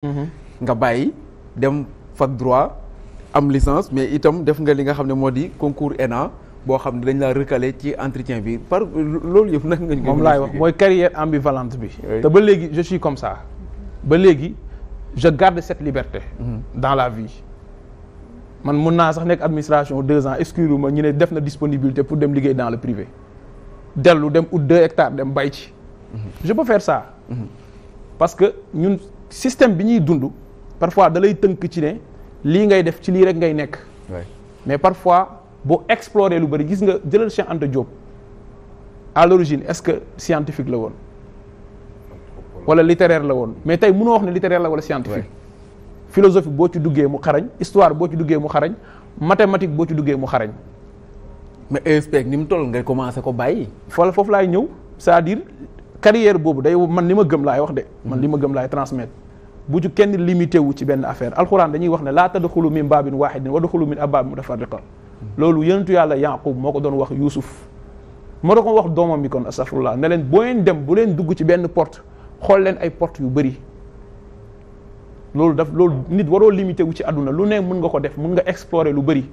Mhm. nga bàyyi dem fac droit am licence mais itam def nga li nga xam ne moo di concours ENA boo xam ne dañ la recalé ci entretien bi par loolu yëpp nag. nga moom laay wax mooy carrière ambivalente bi. te ba léegi je suis comme ça ba léegi je garde cette liberté. Mhm. dans la vie. man mun naa sax nekk administration deux ans exclure ma ñu ne def na disponibilité pour dem liggéey dans le privé dellu dem ut deux hectares dem bay ci. Mhm. je peux faire ça. parce ñun système bi ñuy dund parfois da lay tënk ci ne lii ngay def ci lii rek ngay nekk. mais parfois boo explorer lu bëri gis nga jëlal Cheikh Anta Diop à l'origine est-ce que scientifique la woon. wala littéraire la woon mais tey mënoo wax ne littéraire la wala scientifique. philosophie boo ci duggee mu xarañ histoire boo ci duggee mu xarañ mathématique boo ci duggee mu xarañ. mais ESP ni mu toll ngay commencé ko bàyyi. foofu foofu laay ñëw c'est-à-dire boobu day man li ma gëm laay wax de. man mm-hmm. li ma gëm laay transmettre. bu ci kenn limité wu ci benn affaire alxuraan dañuy wax ne laa tadxulu min baabin waahidin wadxulu min abwaabin mutafarriqa loolu yonentu yàlla yaqub moo ko doon wax yuusuf moo doon ko wax doomam bi kon astafurlah ne leen boo leen dem bu leen dugg ci benn porte xool leen ay porte yu bëri loolu daf loolu nit waroo limité wu ci àdduna lu ne mun nga ko def mun nga explorer lu bëri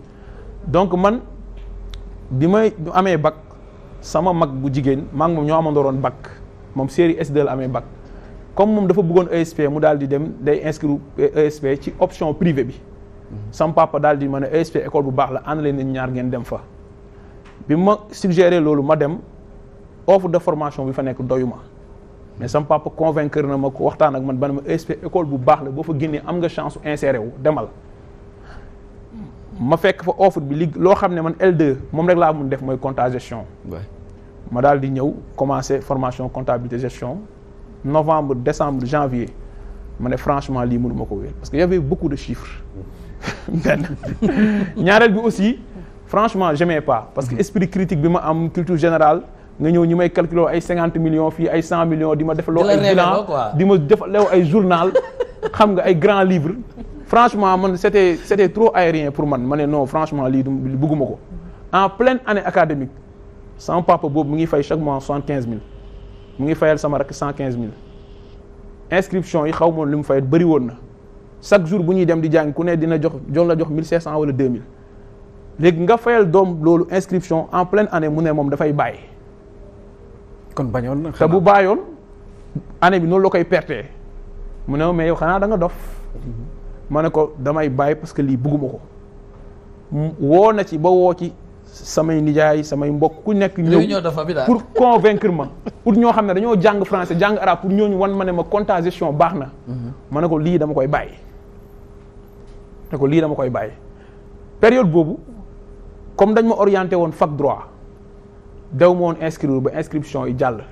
donc man bi may amee bac sama mag bu jigéen maa ngi moom ñoo amandoroon bac moom série s amee bac comme moom dafa bëggoon ESP mu daal di dem day inscrire ESP ci option privée bi sam papa daal di ma ne ESP école bu baax la ànd leen nañ ñaar ngeen dem fa bi ma suggéré loolu ma dem offre de formation bi fa nekk doyu ma mais sam papa na ma ko waxtaan ak man ba ne ma ESP école bu baax la boo fa génnee am nga chance insérer wu demal ma fekk fa offre bi li loo xam ne man l moom rek laa mun def mooy compta gestion ma dal di ñëw commencer formation comptabilité gestion novembre décembre janvier ma ne franchement lii mënu ma ko wéyal parce que y beaucoup de chiffres ñaareel bi aussi franchement j'aimais pas parce que mhm. esprit critique bi ma am culture général nga ñëw ñi may calculer ay cinquante millions fii ay cent millions di ma defaloo ay bilan di ma defaloo ay journal xam nga ay grand livre franchement man c'était c'était trop aérien pour man ma ne non franchement lii du bëgguma ko en pleine année académique sama papa boobu mu ngi fay chaque mois soixante quinze mille mu ngi fayal sama rakk cent quinze mille inscription yi xaw ma li mu fay bëri woon na chaque jour bu ñuy dem di jàng ku ne dina jox jox la jox 1500 wala 2000 léegi nga fayal doom loolu inscription en pleine année mu ne moom dafay bàyyi. kon bañoon na te bu bàyyoon année bi noonu la koy pertee mu ne mais yow xanaa da nga dof mhm. ma ne ko damay bàyyi parce que lii bugguma ko woo na ci ba woo ci. samay nijaay samay mbokk ku nekk ñëw pour convaincre ma pour ñoo xam ne dañoo jàng français jàng arabe pour ñooñu wan ma ne ma compta gestion baax na mm-hmm. ma ne ko lii dama koy bàyyi ne ko lii dama koy bàyyi période boobu comme dañ ma orienté woon fac droit dew ma woon inscrire ba inscription yi jàll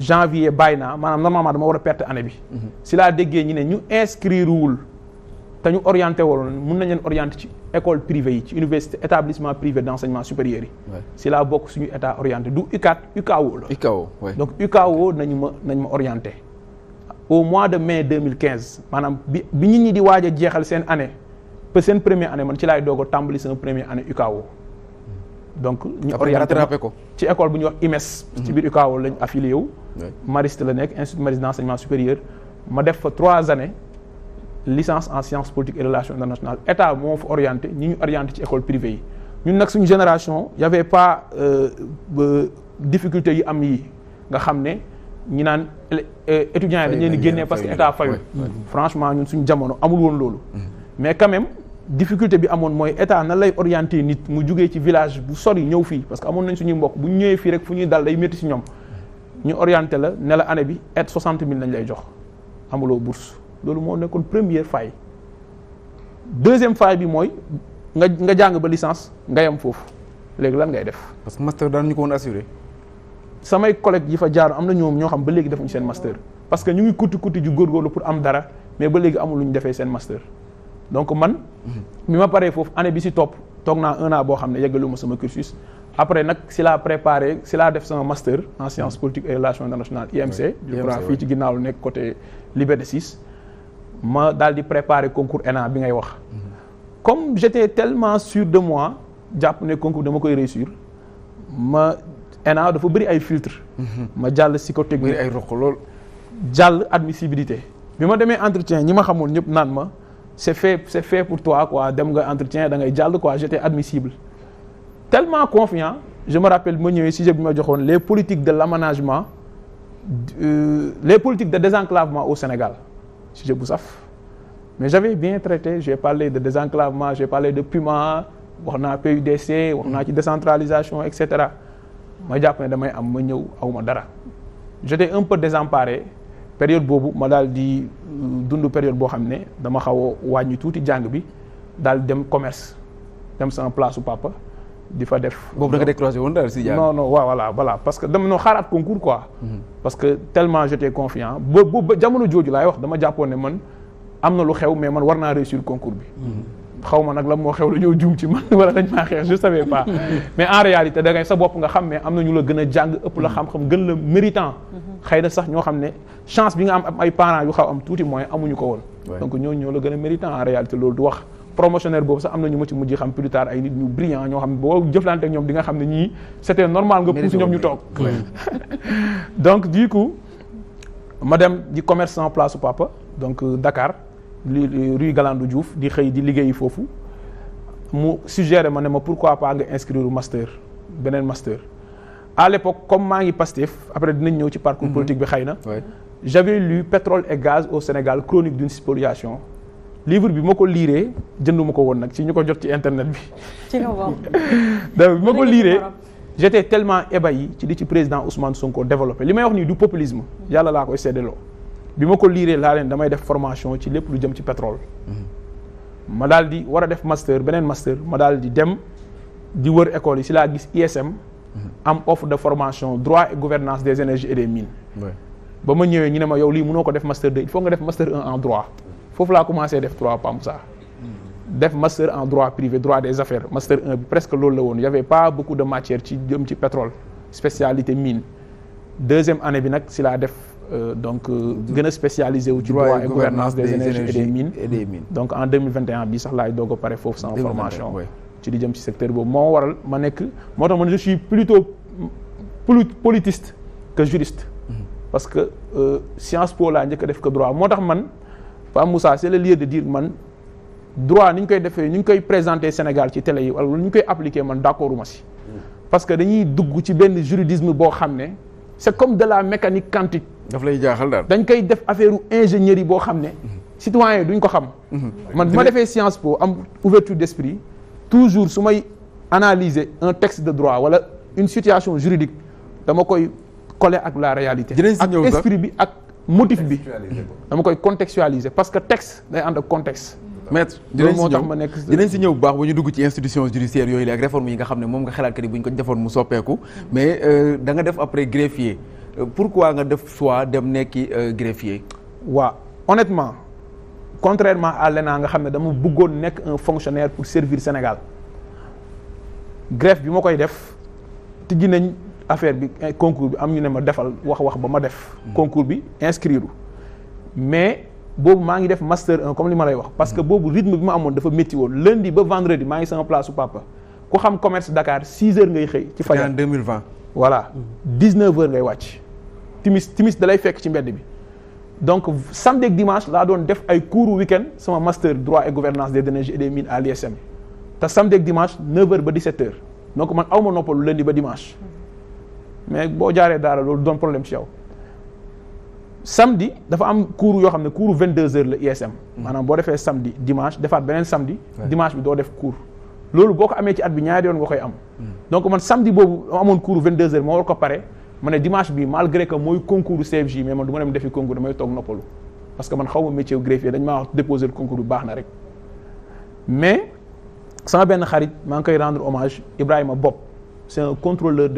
janvier bàyyi naa maanaam normalement dama war a perte année bi mm-hmm. si laa déggee ñi ne ñu inscrire wul te ñu orienté woon mun nañ ñeen orienté ci école privée yi ci université établissement privé d' enseignement supérieur yi. si laa bokk suñu état orienté du UCAT UKAO la. UKAO donc UKAO nañu ma nañu ma orienté. au mois de mai 2015 maanaam bi bi nit ñi di waaja jeexal seen année pe seen première année man ci lay doog a tàmbali sama première année UKAO. Hmm. donc ñu orienté ko ci école bu ñu wax IMES. Hmm. ci biir UKAO lañ affilié wu. mariste la nekk institut mariste d' enseignement supérieur ma def fa trois années. licence en sciences politiques et relations internationales état moo fa orienté ñi ñu orienté ci école privée yi ñun nag suñu génération y avait pas euh, euh, difficulté yi am yi nga xam ne ñi naan étudiants yi dañ leen di génnee parce que état fayul franchement ñun suñu jamono amul woon loolu mm-hmm. mais quand même difficulté bi amoon mooy état na lay orienté nit mu jugee ci village bu sori ñëw fii parce que amoon nañ suñuy mbokk bu ñu ñëwee fii rek fu ñuy dal day métti ñoom mm-hmm. ñu orienté la ne la année bi aide soixante mille lañ lay jox amuloo bourse loolu moo nekkoon première faille deuxième faille bi mooy nga nga jàng ba licence nga foofu léegi lan ngay def. parce que master daan ñu ko woon assuré. samay collègues yi fa jaar am na ñoom ñoo xam ba léegi defuñu seen master parce que ñu ngi kuti kuti ju góorgóorlu pour am dara mais ba léegi amul lu ñu defee seen master donc man. mi mhm. ma paree foofu année bi si topp toog naa un boo xam ne yeggalu ma sama cursus. après nag si laa préparé si laa def sama master en sciences politiques et relations internationales ci ginnaaw lu nekk côté Liberté 6. ma daal di préparer concours ENA bi ngay wax comme j'étais tellement sur de moi jàpp ne concours dama koy réussir ma ENA dafa bëri ay filtre ma jàll si bëri ay roq lool jàll admissibilité bi ma demee entretien ñi ma xamoon ñëpp naan ma c'est fait c'est fait pour toi quoi dem nga entretien dangay ngay jàll quoi j'étais admissible tellement confiant je me rappelle ma ñëwee si sujet bi ma joxoon les politiques de l'aménagement euh, les politiques de désenclavement au Sénégal sujet bu saf mais j'avais bien traité j'ai parlé de désenclavement j'ai parlé de Puma wax naa PUDC wax naa ci décentralisation et cetera ma jàpp ne damay am ma ñëw awma dara j'étais un peu désemparé période boobu ma daal di euh, dund période boo xam ne dama xaw a wàññi tuuti jàng bi daal dem commerce dem sama place su papa di fa def. boobu da nga décroché woon daal si jaar. non non parce que dama noo xaaraat concours quoi. Mhm. parce que tellement j'étais confiant ba ba jamono jooju laay wax dama jàppoon ne man am na lu xew mais man war naa réussir concours bi. Mhm. xaw ma nag la moo xew la ñëw juum ci man wala dañ maa xeex je savais pas mais en réalité da sa bopp nga xam mais am na ñu la gën a jàng ëpp la mhm. xam-xam gën la méritant. xëy na sax ñoo xam ne chance bi nga am ay parents yu xaw am tuuti moyen amuñu ko woon. donc ñooñu ñoo la gën a réalité loolu du wax. promotionnaire boobu sax am na ñu ma ci mujj xam plus tard ay nit ñu brillant ñoo xam ne boo jëflante ak ñoom di nga xam ne ñii c'était normal nga pousse ñoom ñu toog donc du coup ma dem di commerce en place papa donc euh, Dakar rue Diouf di xëy di liggéeyi foofu mu suggéré ma ne ma pourquoi pas nga inscrire master beneen master à l'époque comme maa ngi Pastef après dinañ ñëw ci parcours mm-hmm. politique bi xay na j'avais lu pétrole et gaz au Sénégal chronique d'une spoliation livre bi ma ko liiree jënduma ko woon nag ci ñu ko jot ci internet bi. ci bi ma ko liiree. j'étais tellement ébahi ci li ci président Ousmane Sonko développé li may wax nii du populisme. yàlla laa koy séddaloo. bi ma ko liiree laa leen damay def formation ci lépp lu jëm ci pétrole. Mhm. ma daal di war a def master beneen master ma daal di dem di wër école yi si laa gis ISM. Mhm. am offre de formation droit et gouvernance des énergies et des mines. ba ma ñëwee ñu ne ma yow lii mënoo ko def master 2 il def master 1 en foofu laa commencé def trois PAMSA def master en droit privé droit des affaires master 1 bi presque loolu la woon y avait pas beaucoup de matière ci jëm ci pétrole spécialité miine deuxième année bi nag si laa def euh, donc euh, gën a spécialisé wu ci droit et gouvernance des énergies et des mines donc en 2021 bi sax laay doog a pare foofu sans formation ci di jëm ci secteur boobu moo waral ma nekk moo tax man je suis plutôt politiste que juriste mm-hmm. parce que euh, Sciences Po njëkk def que droit moo tax man Pape Moussa c'est le lieu de dire man droit ni ñu koy defee ni ñu koy présenter Sénégal ci télé yi wala ni ñu koy appliquer man d'accorduma si parce que dañuy dugg ci benn juridisme boo xam ne c'est comme de la mécanique quantique. daf lay jaaxal daal dañ koy def affaire ingénieur yi boo xam ne. citoyen duñ ko xam. man bu ma defee Sciences Po am ouverture d'esprit toujours su may analyser un texte de droit wala une situation juridique dama koy coller ak la réalité. ak esprit bi ak. motif bi dama koy contextualiser parce que texte nay ànd ak contexte. maître loolu moo tax ma nekk dinañ si ñëw baax ba ñu dugg ci institution judiciaire yooyu la ak réforme yi nga xam ne moom nga xalaat que ni bu ñu ko defoon mu soppeeku mais euh, da nga def après greffier euh, pourquoi nga def choix dem nekki euh, greffier. waaw honnêtement contrairement à l'ENA nga xam ne dama bëggoon nekk un fonctionnaire pour servir Sénégal greffe bi ma koy def tijji nañ. affaire bi eh, concours bi am ñu ne ma defal wax wax ba ma def. Hmm. concours bi inscrire mais boobu maa ngi def master 1 comme li ma lay wax. parce que hmm. boobu rythme bi ma amoon dafa métti woon lundi ba vendredi maa ngi sama place su papa ku xam commerce Dakar 6 heures ngay xëy. ci fajar en 2020. voilà 19 hmm. heures ngay wàcc. timis timis dalay fekk ci mbedd bi. donc samedi ak dimanche laa doon def ay cours week-end sama master droit et gouvernance des énergies et des à l'ISM te samedi ak dimanche 9h ba 17h donc man awma noppalu lundi ba dimanche mais boo jaaree daara loolu doon problème si yow samedi dafa am cours yoo xam ne cours 22 heures la ISM. maanaam boo defee samedi dimanche defaat beneen samedi. dimanche bi doo def cours. loolu boo ko amee ci at bi ñaari yoon nga koy am. Hmm. donc man samedi boobu amoon cours 22 heures ma war ko pare ma ne dimanche bi malgré que mooy concours CFJ mais man du ma dem defi concours damay toog noppalu. parce que man xaw ma métier greffier dañ maa wax déposer concours bi baax na mais sama benn xarit maa ngi koy rendre hommage Ibrahima Bob c' est un contrôleur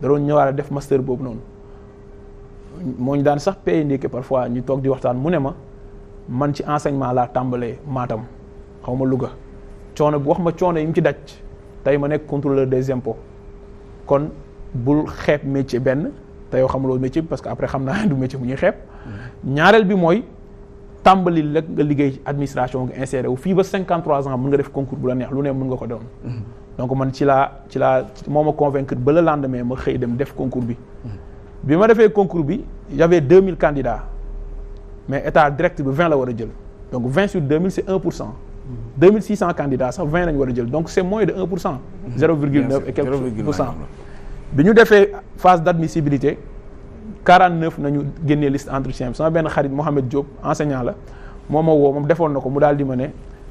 da doon a def master boobu noonu moo ñu daan sax pay ndékke parfois ñu toog di waxtaan mu ne ma man ci enseignement laa tàmbalee maatam xaw ma Louga coono wax ma coono yi mu ci daj tey ma nekk contrôleur des impôts kon bul xeeb métier benn te yow xamuloo métier bi parce que après xam naa du métier mu ñuy xeeb mm-hmm. ñaareel bi mooy tàmbali la nga liggéey administration gi inséré wu fii ba 53 ans mën nga def concours bu la neex lu nee mën nga ko doon. Mm-hmm. donc man ci laa ci laa moo ma convaincre ba le lendemain ma xëy dem def concours bi bi ma defee concours bi j'avais deux mille candidats mais état direct bi vingt la war a jël donc vingt sur deux mille c'est un pour cent mmh. deux mille six cent candidats sax vingt lañu war a jël donc c'est moins de un pour cent mmh. zéro virgule neuf et quelques pour cent bi ñu defee phase d'admissibilité nañu génnee liste entretien bi sama benn xarit Mohamed Diop enseignant la moo ma woo moom defoon na ko mu daal di ma ne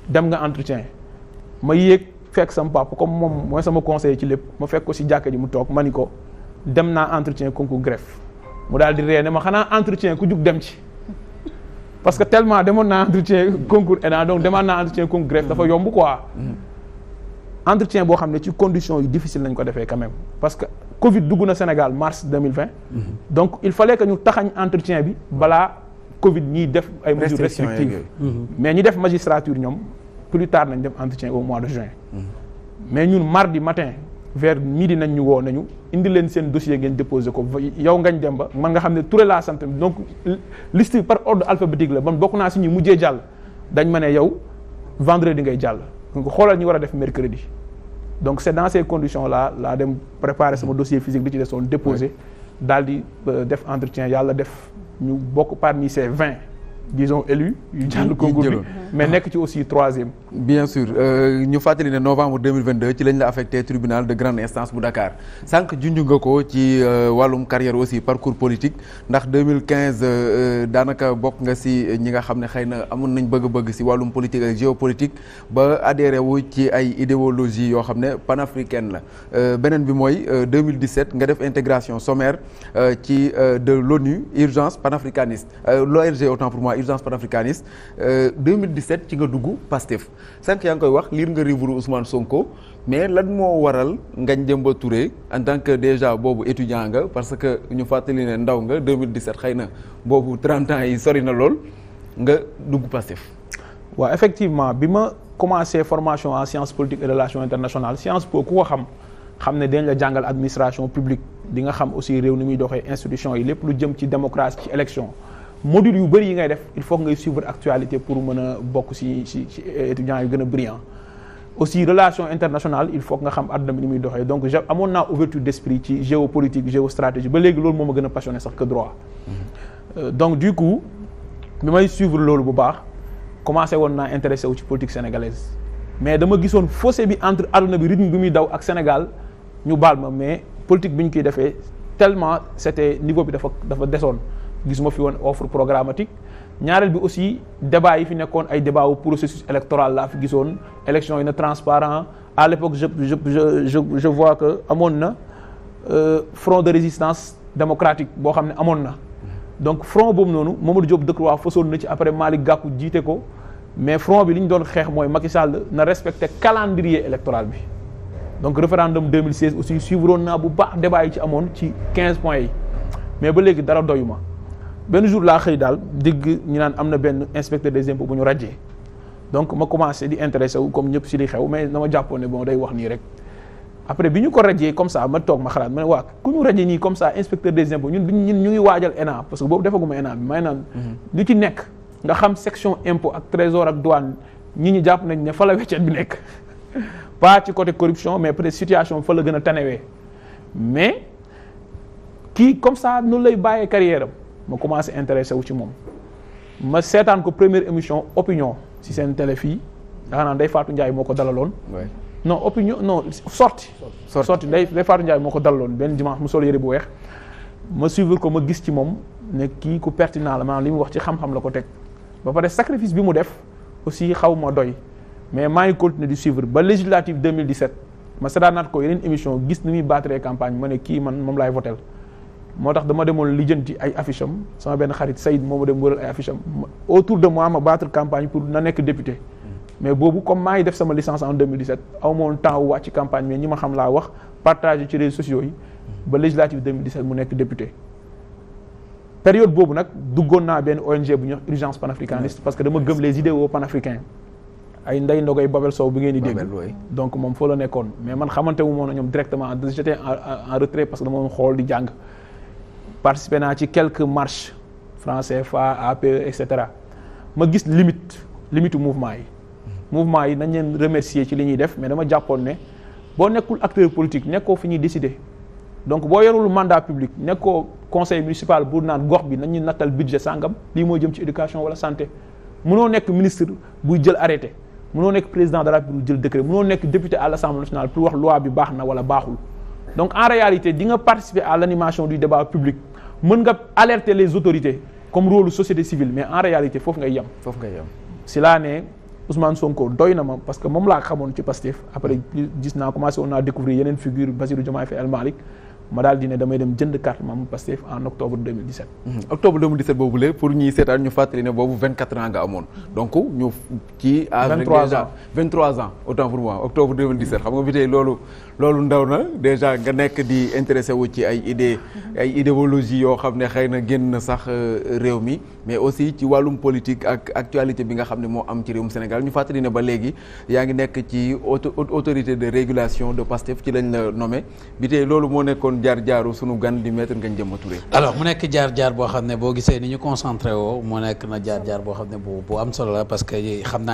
dem nga entretien ma yéeg fekk sama papa comme moom mooy sama conseiller ci lépp ma fekk ko si jàkka ji mu toog ma ko dem naa entretien concours greffe mu daal di ree ne ma xanaa entretien ku jug dem ci parce que tellement demoon naa entretien concours ENA donc demaan naa entretien concours greffe dafa yomb quoi entretien boo xam ne ci conditions yu difficile nañ ko defee quand même parce que Covid dugg na Sénégal mars 2020 donc il fallait que ñu taxañ entretien bi balaa Covid ñiy def ay mesures restrictives mais ñi def magistrature ñoom plus tard nañ def entretien au mois de juin mais ñun mardi matin vers midi nañ ñu woo nañu indi leen seen dossier ngeen déposé ko yow ngañ dem ba man nga xam ne Touré laa sant donc liste par ordre alphabétique la man bokk naa si ñu mujjee jàll dañ ma ne yow vendredi ngay jàll donc xoolal ñu war a def mercredi donc c' est dans ces condition là laa dem préparer sama dossier physique bi ci des desoon déposé daal di euh, def entretien yàlla def ñu bokk parmi ces vingt disons élus yu jàll mais nekk ci aussi troisième. bien sûr euh, ñu fàttali ne novembre 2022 ci lañ la affecté tribunal de grande instance bu Dakar sànq junj nga ko ci euh, wàllum carrière aussi parcours politique ndax 2015 euh, daanaka bokk nga si ñi nga xam ne xëy na amoon nañ bëgg-bëgg si wàllum politique ak géopolitique ba adhéré wu ci ay idéologie yoo xam ne panafricaine la beneen bi mooy 2017 nga def intégration sommaire ci de l'ONU urgence panafricaniste l'ORG autant pour moi urgence panafricaniste 2017 2017 ci nga dugg Pastef sànq yaa ngi koy wax liir nga livre Ousmane Sonko mais lan moo waral Ngagne Demba Touré en tant que déjà boobu étudiant nga parce que ñu fàttali ne ndaw nga 2017 xëy na boobu 30 yi sori na lool nga dugg Pastef. waaw effectivement bi ma commencé formation en sciences politiques et relations internationales Sciences Po ku ko xam xam ne dañ la jàngal administration publique di nga xam aussi réew ni muy doxee institution yi lépp lu jëm ci démocratie ci élection. module yu bëri yi ngay def il faut ngay suivre actualité pour mën a bokk ci ci ci yu gën a brillant aussi relation internationale il faut nga xam àdduna bi ni muy doxee donc j' amoon naa ouverture d' esprit ci géopolitique géostratégie ba léegi loolu moo ma gën a passionné sax que droit mm-hmm. euh, donc du coup bi may suivre loolu bu baax commencé woon naa intéressé wu ci politique sénégalaise mais dama gisoon fossé bi entre àdduna bi rythme bi muy daw ak Sénégal ñu baal ma mais politique bi ñu koy defee tellement c' était niveau bi dafa dafa desoon gisuma fi woon offre programmatique ñaareel bi aussi débat yi fi nekkoon ay débat wu processus électoral laa fi gisoon élection yi na transparent à l'époque je je je je que amoon na euh, front de résistance démocratique boo xam ne amoon na donc front boobu noonu Mamadou Diop waa fasoon na ci après Malick Gakou jiite ko mais front bi li ñu doon xeex mooy Macky Sall na respecter calendrier électoral bi donc référendum 2016 aussi suivroon naa bu baax débat yi ci amoon ci 15 points yi mais ba léegi dara doyuma benn jour laa xëy daal dégg ñu naan am na benn inspecteur des impôts bu ñu rajee donc ma commencer di intéressé wu comme ñëpp si li xew mais dama jàppoon ne bon day wax nii rek après bi ñu ko rajee comme ça ma toog ma xalaat ma ne waa ku ñu rajee nii comme ça inspecteur des impôts ñun ñu ngi waajal ENA parce que boobu defaguma ENA bi may naan mhm. lu ci nekk nga xam section impôt ak trésor ak douane ñi ñu jàpp nañ ne fa la weccet bi nekk pas ci côté corruption mais peut situation fa la gën a tanewee mais kii comme ça noonu lay bàyyee carrière am ma commencé intéressé wu ci moom ma seetaan ko première émission opinion si seen télé fii yaakaar naa Ndeye Fatou moo ko dalaloon. non opinion non sorti sorti Ndeye Ndeye Fatou Ndiaye moo ko dalaloon benn dimanche mu sol yére bu weex ma suivre ko ma gis ci moom ne kii ku pertinent la maanaam li mu wax ci xam-xam la ko teg ba pare sacrifice bi mu def aussi xaw ma doy mais maa ngi continuer di suivre ba législative ma seetaan naat ko yeneen émission gis ne kii man moom laay votel moo tax dama demoon lijjanti ay affiche am sama benn xarit Saïd moo ma dem wëral ay affiche am autour de moi ma battre campagne pour na nekk député mais boobu comme maa ngi def sama licence en 2017 aw ma woon temps wàcc ci campagne mais ñi ma xam laa wax partagé ci réseaux sociaux yi ba législative mu nekk député période boobu nag duggoon naa benn ONG bu ñuy wax urgence panafricaniste parce que dama gëm les idéaux panafricains ay ndey ndogoy Babel Sow bi ngeen di dégg donc moom foo nekkoon mais man xamante mu moon ñoom directement j'étais en retrait parce que dama doon di jàng participé naa ci quelque marche franc CFA APE et cetera ma gis limite limitu mouvement yi mouvement yi na leen remercier ci li ñuy def mais dama jàppoon ne boo nekkul acteur politique nekkoo fi ñuy décider donc boo yorul mandat public nekkoo conseil municipal bu naan gox bi nañu nattal budget sàngam lii moo jëm ci éducation wala santé munoo nekk ministre buy jël arrêté munoo nekk président de la République jël décret munoo nekk député à l'Assemblée nationale pour wax loi bi baax na wala baaxul donc en réalité di nga participer à l'animation du débat public mën nga alerter les autorités comme rôle société civile mais en réalité foofu nga yem. foofu ngay yem si laa ne Ousmane Sonko doy na ma parce que moom laa xamoon ci Pastef après gis naa commencé on a découvrir yeneen figure Bassirou Diomaye Faye El Malick ma daal di ne damay dem jënd carte membre Pastef en octobre 2017. Mhm. octobre 2017 boobu la pour ñuy seetaan ñu fàttali ne boobu 24 ans nga amoon donc ñu ci à 23 ans ans autant pour moi octobre 2017 xam nga bi loolu ndaw na déjà nga nekk di intéressé wu ci ay idées mhm. ay idéologie yoo xam ne xëy na génn na sax euh, réew mi mais aussi ci wàllum politique ak actualité bi nga xam ne moo am ci réewum Sénégal ñu fàttali na ba léegi yaa ngi nekk ci autorité de régulation de Pastef ci la nommé bi tey loolu doon jaar jaaru sunu gan di maître Ngagne Demba Touré. alors mu nekk jaar jaar boo xam ne boo gisee ni ñu concentré woo mu nekk na jaar jaar boo xam ne bu am solo la parce que xam naa.